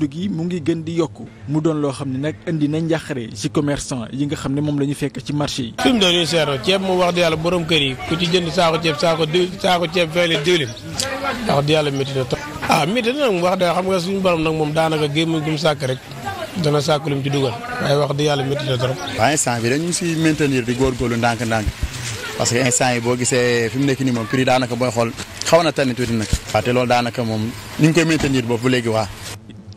dund gi mu ngi gën di yokku mu doon loo xam ne nag indi na njàqare ci commerçant yi nga xam ne moom la ñu fekk ci marché yi. fi mu doon ñu seetlu ceeb moom wax di yàlla borom kër yi ku ci jënd saako ceeb saako diwlin wax di yàlla métti na trop. ah na nag wax dëgg xam nga suñu borom nag moom daanaka gémmiñ gum sàkk rek dana sàkk lu mu ci dugal waaye wax di yàlla métti na trop. waaye instant bi dañu si maintenir di góorgóorlu ndànk-ndànk parce que instant yi boo gisee fi mu nekk nii moom prix daanaka booy xool xaw na tànn tuuti nag. waaw te loolu daanaka moom ñu ngi koy maintenir boobu léegi waa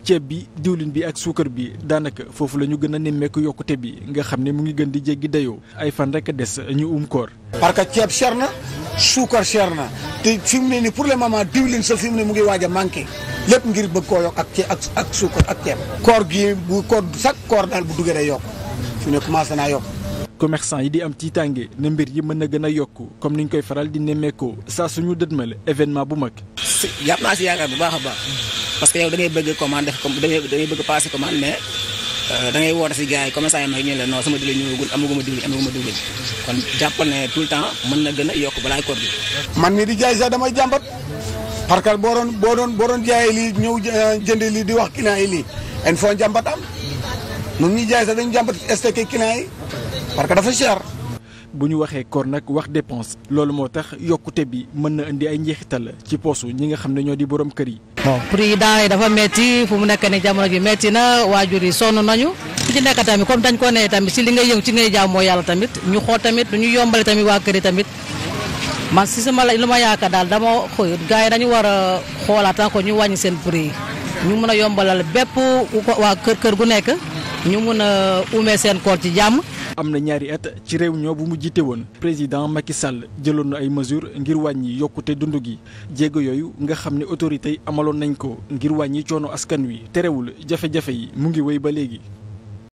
ceeb bi diwlin bi ak suukar bi daanaka foofu la ñu gën a nemmeeku yokkute bi nga xam ne mu ngi gën di jéggi dayoo ay fan rek a des ñu um koor. parce que ceeb cher na suukar cher na te fi mu ne nii pour le moment diwlin sa fi mu ne mu ngi waaj a manqué lépp ngir bëgg koo yokk ak ceeb ak ak suukar ak ceeb. koor gi bu koor sax koor daal bu duggee day yokk fi ne commencé naa yokk. commerçant yi di am tiitaange ne mbir yi mën na gën a yokk comme niñ koy faral di nemmeekoo saa suñu dëdmale événement bu mag. si bu baax a baax. parce que yow da ngay bëgg commande def comme da ngay bëgg passer commande mais euh, da woote si gars yi commerçant yi may ñu la non sama diwlin ñëwagul amaguma diwlin amaguma diwlin kon jàppal ne tout le temps mën na gën a yokk balaa koor bi. man mii di jaay sax damay jàmbat parce que boo doon boo doon boo doon jaayee lii ñëw euh, jënd lii di wax client yi lii il faut jàmbat am ñun ñuy jaay sax dañu jàmbat stocké client yi parce que dafa cher. bu ñu waxee koor nag wax dépense loolu moo tax yokkute bi mën na indi ay njeexital la ci poosu ñi nga xam ne ñoo di borom kër yi. o prix yi denrée dafa metti fu mu nekk ni jamono ji metti na waajur yi sonn nañu ci nekk tamit comme dañ ko nee tamit si li ngay yëngu ci ngay jaam mooy yàlla tamit ñu xool tamit ñu yombale tamit waa kër yi tamit man si sama lu ma yaakaar daal dama xoy gars yi dañu war a xoolaat ko ñu wàññi seen prix yi ñu mun a yombalal bépp waa kër kër gu nekk ñu mun a umee seen koor ci jàmm. am na ñaari at ci réunion bu mu jiite woon président Macky Sall jëloon na ay mesures ngir wàññi yokkute dund gi jéego yooyu nga xam ne autorités yi amaloon nañ ko ngir wàññi coono askan wi terewul jafe-jafe yi mu ngi wéy ba léegi.